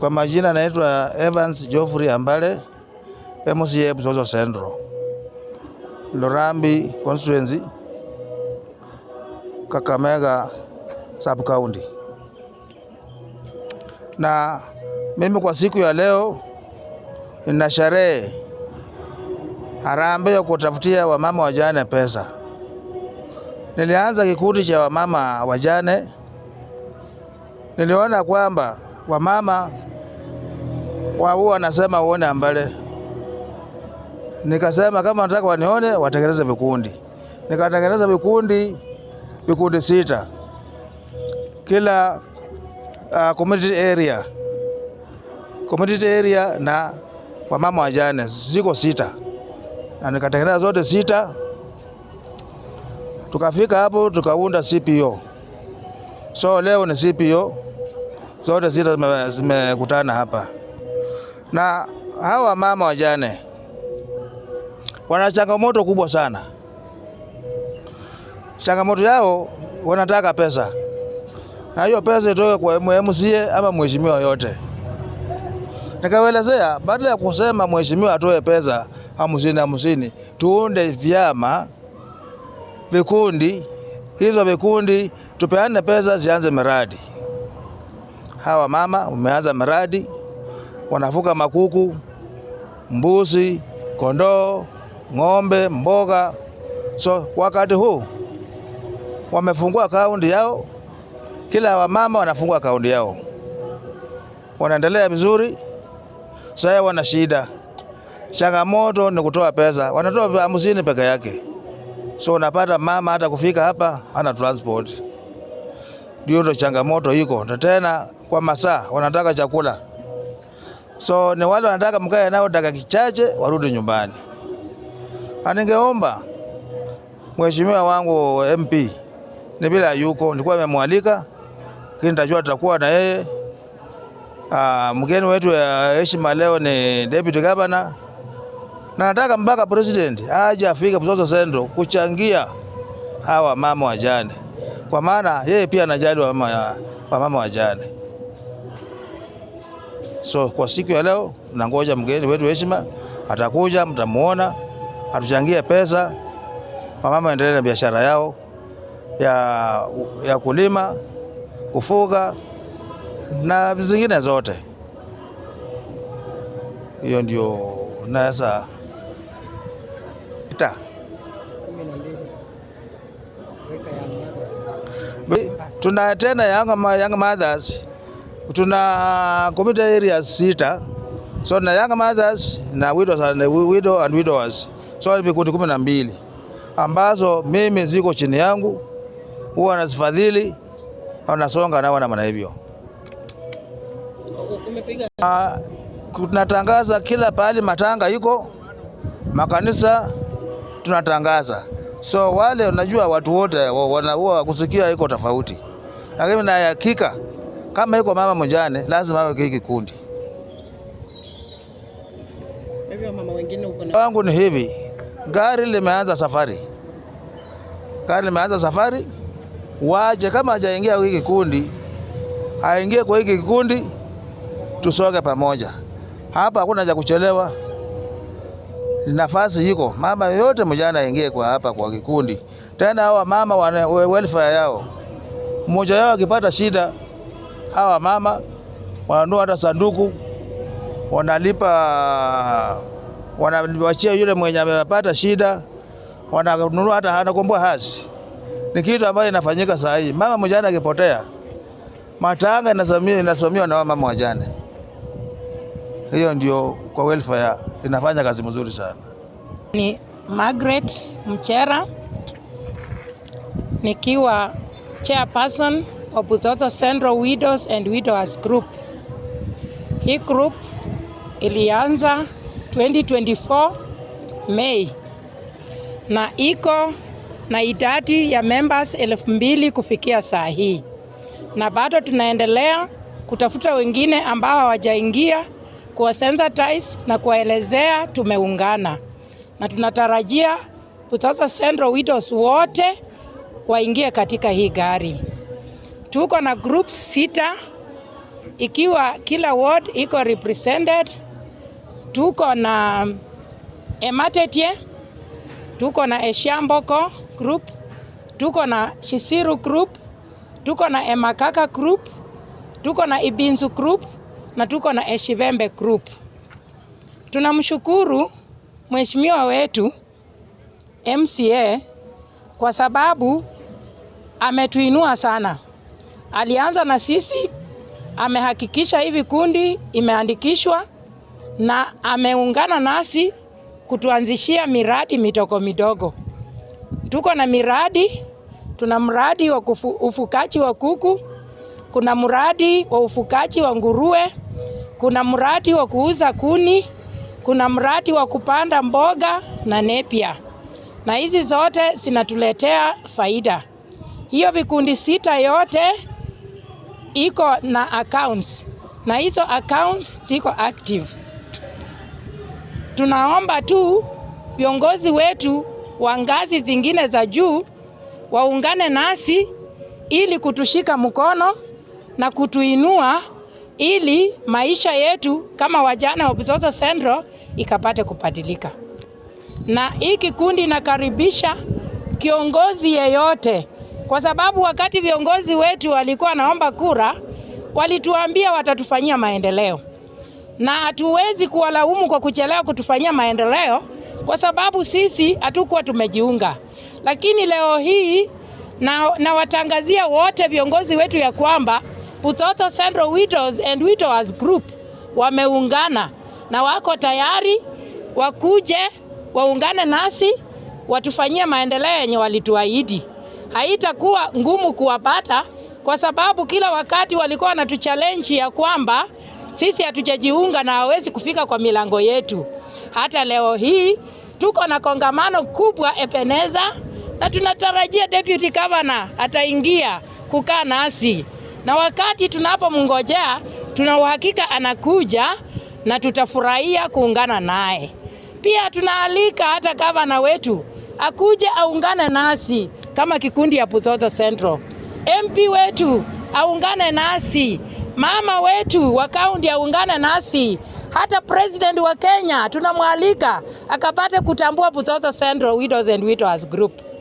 Kwa majina naitwa Evans Geoffrey Ambale, MCA Busozo Central, Lorambi constituency, Kakamega sub county. Na mimi kwa siku ya leo nina sherehe harambee ya kutafutia wamama wajane pesa. Nilianza kikundi cha wamama wajane, niliona kwamba wamama wao wanasema uone ambale. Nikasema kama nataka wanione, watengeneze vikundi. Nikatengeneza vikundi, vikundi sita kila uh, community area, community area na wamama wajane ziko sita, na nikatengeneza zote sita. Tukafika hapo tukaunda CPO, so leo ni CPO zote sita zimekutana hapa, na hawa mama wajane wana changamoto kubwa sana. Changamoto yao wanataka pesa, na hiyo pesa itoke kwa MCA ama mheshimiwa yote. Nikawaelezea, baada ya kusema mheshimiwa atoe pesa hamsini hamsini, tuunde vyama, vikundi, hizo vikundi tupeane pesa zianze miradi hawa mama wameanza mradi, wanafuga makuku, mbuzi, kondoo, ng'ombe, mboga. So wakati huu wamefungua akaunti yao, kila wamama wanafungua akaunti yao, wanaendelea vizuri. Sasa wana shida, changamoto ni kutoa pesa, wanatoa hamsini peke yake, so unapata mama hata kufika hapa hana transport. Ndio ndo changamoto iko na tena, kwa masaa wanataka chakula, so ni wale wanataka mkae nao dakika kichache warudi nyumbani. Aningeomba mheshimiwa wangu MP ni bila yuko, nilikuwa nimemwalika lakini nitajua tutakuwa na yeye. Ah, mgeni wetu ya heshima leo ni deputy governor, na nataka mpaka president aje afike Busoso Central kuchangia hawa mama wajane kwa maana yeye pia anajali wamama mama wajane. So kwa siku ya leo tunangoja mgeni wetu heshima atakuja, mtamuona, atuchangie pesa, wamama endelee na biashara yao ya, ya kulima, kufuga na zingine zote. Hiyo ndio naweza ta Tuna tena young, young mothers tuna komita area sita, so na young mothers na widows and uh, widow and widowers, so ni vikundi kumi na mbili ambazo mimi ziko chini yangu huwa nazifadhili, wanasonga nao namna hivyo. Ah, tunatangaza kila pahali matanga iko makanisa tunatangaza, so wale unajua, watu wote wanaua kusikia iko tofauti lakini na hakika kama yuko mama mjane lazima awe hiki kikundi. Mama wengine uko na wangu ni hivi, gari limeanza safari, gari limeanza safari, waje kama hajaingia hiki kikundi aingie kwa hiki kikundi, tusoge pamoja. Hapa hakuna cha kuchelewa, nafasi iko. Mama yoyote mjane aingie kwa hapa kwa kikundi, tena hao mama wana welfare yao mmoja wao akipata shida, hawa mama wananua hata sanduku wanalipa, wanawachia yule mwenye amepata shida, wananunua hata anakomboa hasi. Ni kitu ambayo inafanyika saa hii. Mama mjane akipotea, matanga inasimamiwa na mama wajane. Hiyo ndio kwa welfare inafanya kazi mzuri sana. Ni Margaret Mchera nikiwa chairperson of Buzozo Central Widows and Widowers Group. Hii group ilianza 2024 Mei na iko na idadi ya members elfu mbili kufikia saa hii, na bado tunaendelea kutafuta wengine ambao hawajaingia kuwasensitize na kuwaelezea tumeungana, na tunatarajia Buzozo Central Widows wote waingie katika hii gari. Tuko na groups sita, ikiwa kila ward iko represented. Tuko na Ematetie, tuko na Eshiamboko group, tuko na Shisiru group, tuko na Emakaka group, tuko na Ibinzu group na tuko na Eshivembe group. Tunamshukuru mheshimiwa wetu MCA kwa sababu ametuinua sana. Alianza na sisi, amehakikisha hivi kundi imeandikishwa na ameungana nasi kutuanzishia miradi midogo midogo. Tuko na miradi, tuna mradi wa ufukaji wa kuku, kuna mradi wa ufukaji wa nguruwe, kuna mradi wa kuuza kuni, kuna mradi wa kupanda mboga na nepia, na hizi zote zinatuletea faida. Hiyo vikundi sita yote iko na accounts na hizo accounts ziko active. Tunaomba tu viongozi wetu wa ngazi zingine za juu waungane nasi ili kutushika mkono na kutuinua ili maisha yetu kama wajana wa Buzozo Central ikapate kubadilika. Na hii kikundi inakaribisha kiongozi yeyote kwa sababu wakati viongozi wetu walikuwa naomba kura walituambia watatufanyia maendeleo, na hatuwezi kuwalaumu kwa kuchelewa kutufanyia maendeleo kwa sababu sisi hatukuwa tumejiunga. Lakini leo hii na, na watangazia wote viongozi wetu ya kwamba Putoto Central Widows and Widowers Group wameungana na wako tayari wakuje waungane nasi watufanyie maendeleo yenye walituahidi haitakuwa ngumu kuwapata, kwa sababu kila wakati walikuwa wanatuchallenge ya kwamba sisi hatujajiunga na hawezi kufika kwa milango yetu. Hata leo hii tuko na kongamano kubwa epeneza na tunatarajia deputy governor ataingia kukaa nasi, na wakati tunapomngojea tuna uhakika anakuja na tutafurahia kuungana naye. Pia tunaalika hata gavana wetu akuje aungane nasi kama kikundi ya Buzozo Central. MP wetu aungane nasi, mama wetu wa kaunti aungane nasi, hata president wa Kenya tunamwalika akapate kutambua Buzozo Central Widows and Widowers Group.